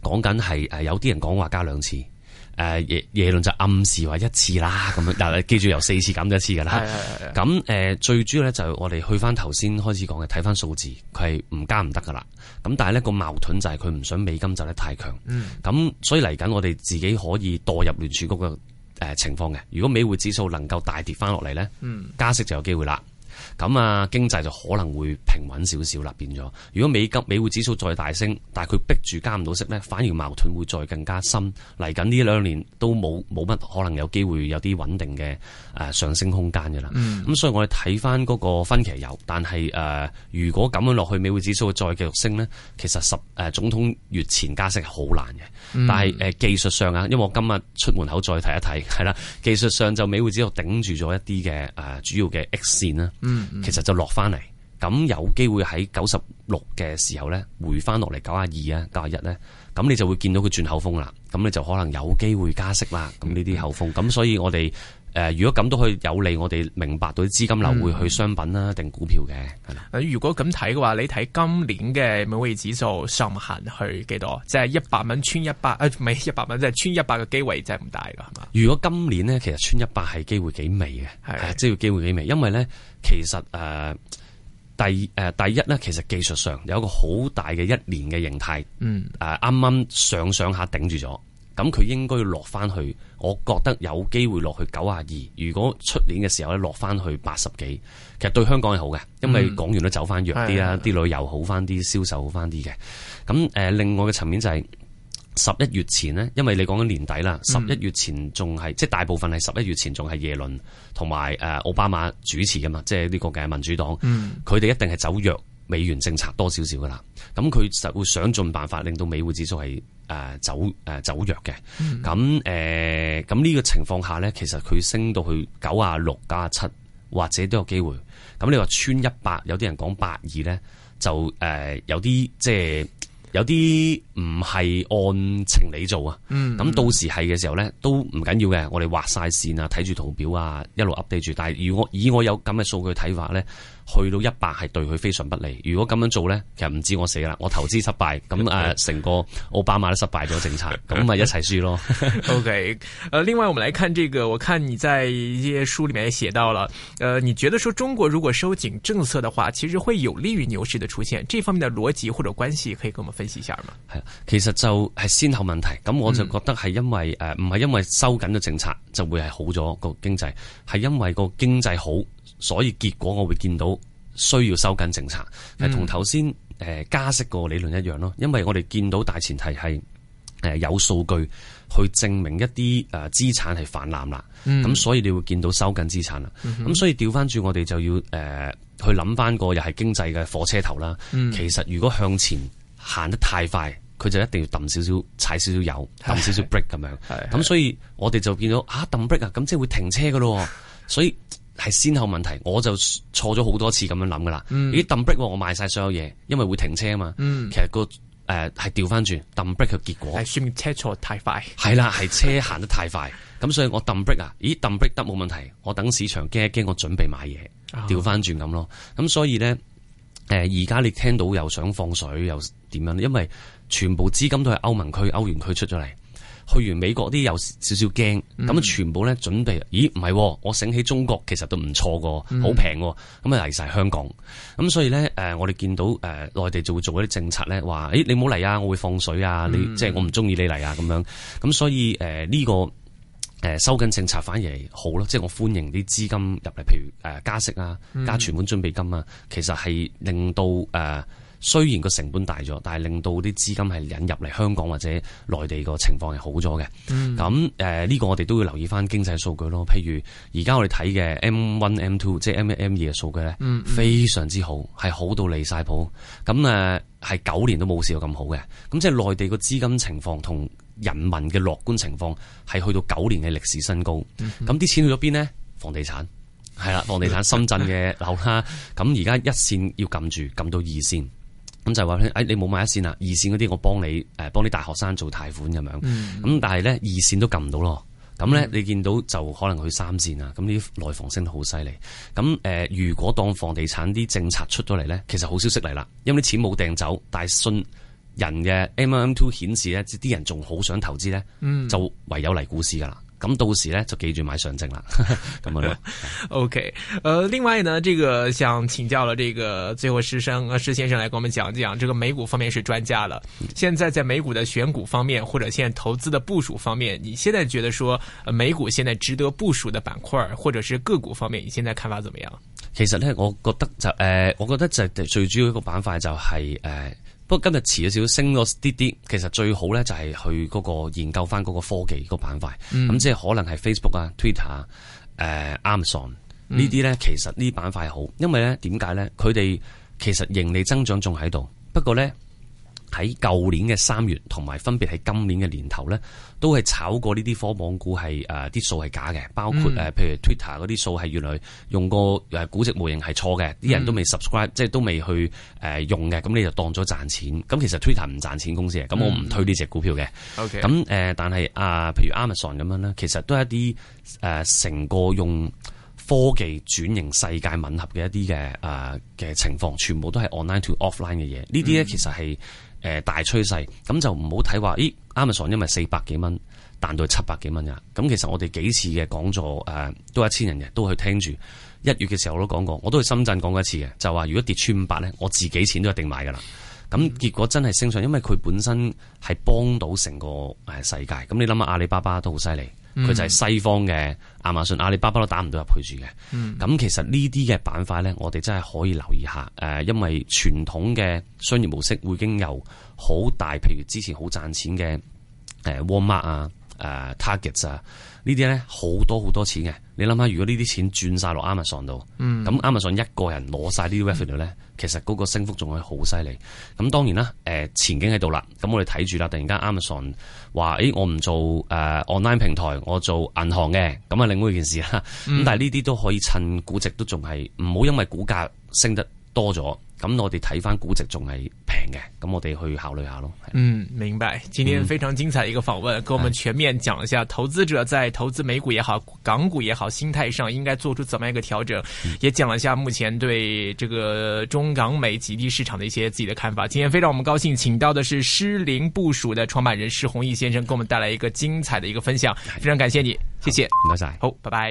講緊係誒，有啲人講話加兩次，誒耶倫就暗示話一次啦咁樣。但係記住由四次減到一次噶啦。咁誒，最主要咧就係我哋去翻頭先開始講嘅，睇翻數字，佢係唔加唔得噶啦。但係咧個矛盾就係佢唔想美金走得太強，咁、嗯、所以嚟緊我哋自己可以墮入聯儲局嘅誒情況嘅。如果美匯指數能夠大跌翻落嚟咧，加息就有機會啦。咁啊，經濟就可能會平穩少少啦，變咗。如果美金、美匯指數再大升，但係佢逼住加唔到息呢，反而矛盾會再更加深。嚟緊呢兩年都冇冇乜可能有機會有啲穩定嘅誒、呃、上升空間㗎啦。咁、嗯嗯、所以我哋睇返嗰個分期有，但係誒、呃，如果咁樣落去，美匯指數再繼續升呢，其實十誒、呃、總統月前加息好難嘅。但係誒、嗯呃、技術上啊，因為我今日出門口再睇一睇，係啦，技術上就美匯指數頂住咗一啲嘅誒主要嘅 X 線啦。嗯其實就落翻嚟，咁有機會喺九十六嘅時候呢，回翻落嚟九啊二啊，九啊一呢，咁你就會見到佢轉口風啦，咁你就可能有機會加息啦，咁呢啲口風，咁 所以我哋。誒，如果咁都可以有利，我哋明白到啲資金流會去商品啦，定、嗯、股票嘅係啦。如果咁睇嘅話，你睇今年嘅美匯指數上限去幾多？即係一百蚊穿一百，啊，唔係一百蚊，即係穿一百嘅機會真係唔大噶，係嘛？如果今年呢，其實穿一百係機會幾微嘅，係啊的，即係機會幾微，因為呢，其實誒、呃，第誒第一呢，其實技術上有一個好大嘅一年嘅形態，誒、嗯，啱啱、呃、上上下頂住咗。咁佢應該要落翻去，我覺得有機會落去九廿二。如果出年嘅時候咧，落翻去八十幾，其實對香港係好嘅，因為港元都走翻弱啲啦，啲旅遊好翻啲，銷售好翻啲嘅。咁誒、嗯，另外嘅層面就係十一月前呢，因為你講緊年底啦，十一月前仲係、嗯、即係大部分係十一月前仲係耶倫同埋誒奧巴馬主持㗎嘛，即係呢個嘅民主黨，佢哋、嗯、一定係走弱美元政策多少少㗎啦。咁佢實會想盡辦法令到美匯指數係誒走誒走弱嘅。咁誒咁呢個情況下咧，其實佢升到去九啊六、九啊七，或者都有機會。咁你話穿一百，有啲人講八二咧，就誒、是、有啲即係有啲唔係按情理做啊。咁、mm. 到時係嘅時候咧，都唔緊要嘅。我哋畫晒線啊，睇住圖表啊，一路 update 住。但係如果以我有咁嘅數據睇法咧。去到一百係對佢非常不利。如果咁樣做呢，其實唔止我死啦，我投資失敗，咁，誒成個奧巴馬都失敗咗政策，咁咪 一齊輸咯 okay，呃。OK，另外我們來看這個，我看你在一些書裏面寫到了，呃，你覺得說中國如果收緊政策的話，其實會有利於牛市的出現，這方面的邏輯或者關係可以跟我們分析一下嗎？其實就係先後問題。咁我就覺得係因為唔係，嗯呃，因為收緊咗政策就會係好咗個經濟，係因為個經濟好。所以結果我會見到需要收緊政策，係同頭先誒加息個理論一樣咯。因為我哋見到大前提係誒有數據去證明一啲誒資產係泛濫啦，咁、嗯、所以你會見到收緊資產啦。咁、嗯、哼所以調翻轉我哋就要誒、呃、去諗翻個又係經濟嘅火車頭啦。其實如果向前行得太快，佢就一定要揼少少踩少少油，揼少少 break 咁的樣。咁所以我哋就見到啊揼 break 啊，咁即係會停車噶咯。所以。所以係先後問題，我就錯咗好多次咁樣諗噶啦。嗯、咦，抌逼喎，我賣晒所有嘢，因為會停車啊嘛。嗯、其實、個誒係調翻轉，抌逼嘅結果係說明車坐太快。係啦，係車行得太快，咁 所以我抌逼啊，咦，抌逼得冇問題，我等市場驚一驚，我準備買嘢，調翻轉咁咯。咁、啊、所以咧，誒而家你聽到又想放水又點樣？因為全部資金都係歐盟區、歐元區出咗嚟。去完美國啲有少少驚，咁、嗯、全部咧準備，咦唔係、哦，我醒起中國其實都唔錯㗎，好平、嗯，咁啊嚟晒香港，咁所以咧誒，我哋見到誒內地就會做一啲政策咧，話誒你冇嚟啊，我會放水啊，嗯、你即係、就是、我唔中意你嚟啊咁樣，咁所以誒呢個誒收緊政策反而好咯，即、就、係、是、我歡迎啲資金入嚟，譬如誒加息啊、加存款準備金啊，其實係令到誒。呃雖然個成本大咗，但係令到啲資金係引入嚟香港或者內地個情況係好咗嘅。咁誒呢個我哋都要留意返經濟數據咯。譬如而家我哋睇嘅 M one M two 即係 M 一 M 二嘅數據咧，嗯嗯、非常之好，係好到離晒譜。咁誒係九年都冇試過咁好嘅。咁即係內地個資金情況同人民嘅樂觀情況係去到九年嘅歷史新高。咁啲、嗯嗯、錢去咗邊呢？房地產係啦，房地產深圳嘅樓價，咁而家一線要撳住，撳到二線。咁就話誒、哎，你冇買一線啦，二線嗰啲我幫你誒，幫、呃、啲大學生做貸款咁樣。咁、嗯、但係咧，二線都撳唔到咯。咁咧，嗯、你見到就可能去三線啊。咁啲內房升得好犀利。咁、嗯、誒、呃，如果當房地產啲政策出咗嚟咧，其實好消息嚟啦，因為啲錢冇掟走，但係信人嘅 MM2 顯示咧，啲人仲好想投資咧，就唯有嚟股市噶啦。嗯咁到時呢，就記住買上證啦，咁樣。OK，呃，另外呢，這個想請教了，這個最後施生施、呃、先生來跟我們講講，這個美股方面是專家了。現在在美股的選股方面，或者現在投資的部署方面，你現在覺得說美股現在值得部署的板塊或者是個股方面，你現在看法怎麼樣？其實呢，我覺得就誒、呃，我覺得就最主要一個板塊就係、是、誒。呃今日遲咗少少，升咗啲啲，其實最好咧就係去嗰個研究翻嗰個科技個板塊，咁、嗯、即係可能係 Facebook 啊、Twitter 啊、誒 Amazon 呢啲咧，其實呢板塊好，因為咧點解咧？佢哋其實盈利增長仲喺度，不過咧。喺舊年嘅三月，同埋分別喺今年嘅年頭咧，都係炒過呢啲科網股係誒啲數係假嘅，包括誒、嗯呃、譬如 Twitter 嗰啲數係原來用過誒、呃、估值模型係錯嘅，啲人都未 subscribe，嗯、即係都未去誒、呃、用嘅，咁你就當咗賺錢。咁其實 Twitter 唔賺錢公司嘅，咁、嗯、我唔推呢隻股票嘅。OK 咁誒，但係啊、呃，譬如 Amazon 咁樣咧，其實都係一啲誒成個用科技轉型世界吻合嘅一啲嘅誒嘅情況，全部都係 online to offline 嘅嘢。呢啲咧其實係。嗯嗯誒大趨勢，咁就唔好睇話，咦，Amazon 因為四百幾蚊，彈到七百幾蚊呀？咁其實我哋幾次嘅講座誒、呃，都一千人嘅，都去聽住。一月嘅時候我都講過，我都去深圳講過一次嘅，就話如果跌穿五百咧，我自己錢都一定買噶啦。咁結果真係升上，因為佢本身係幫到成個誒世界。咁你諗下阿里巴巴都好犀利。佢就係西方嘅亞馬遜、阿里巴巴都打唔到入去住嘅。咁、嗯、其實呢啲嘅板塊咧，我哋真係可以留意下。誒，因為傳統嘅商業模式已經由好大，譬如之前好賺錢嘅誒 Walmart 啊、誒 Target 啊。呢啲咧好多好多錢嘅，你諗下如果呢啲錢轉晒落 Amazon 度，咁、嗯、Amazon 一個人攞晒呢啲 Revenue 咧，嗯、其實嗰個升幅仲係好犀利。咁當然啦，誒、呃、前景喺度啦，咁我哋睇住啦。突然間 Amazon 話：誒、欸、我唔做誒 online、呃、平台，我做銀行嘅，咁啊另外一件事啦。咁、嗯、但係呢啲都可以趁估值都仲係唔好，因為股價升得多咗。咁我哋睇返估值仲係平嘅，咁我哋去考慮下咯。嗯，明白。今天非常精彩一個訪問，嗯、跟我們全面講一下、嗯、投資者在投資美股也好、港股也好，心態上應該做出怎麼樣一個調整，嗯、也講了一下目前對這個中港美幾地市場的一些自己的看法。今天非常我們高興，請到的是施淩部署的創辦人施宏毅先生，給我們帶來一個精彩的一個分享。嗯、非常感謝你，好謝謝。好，拜拜。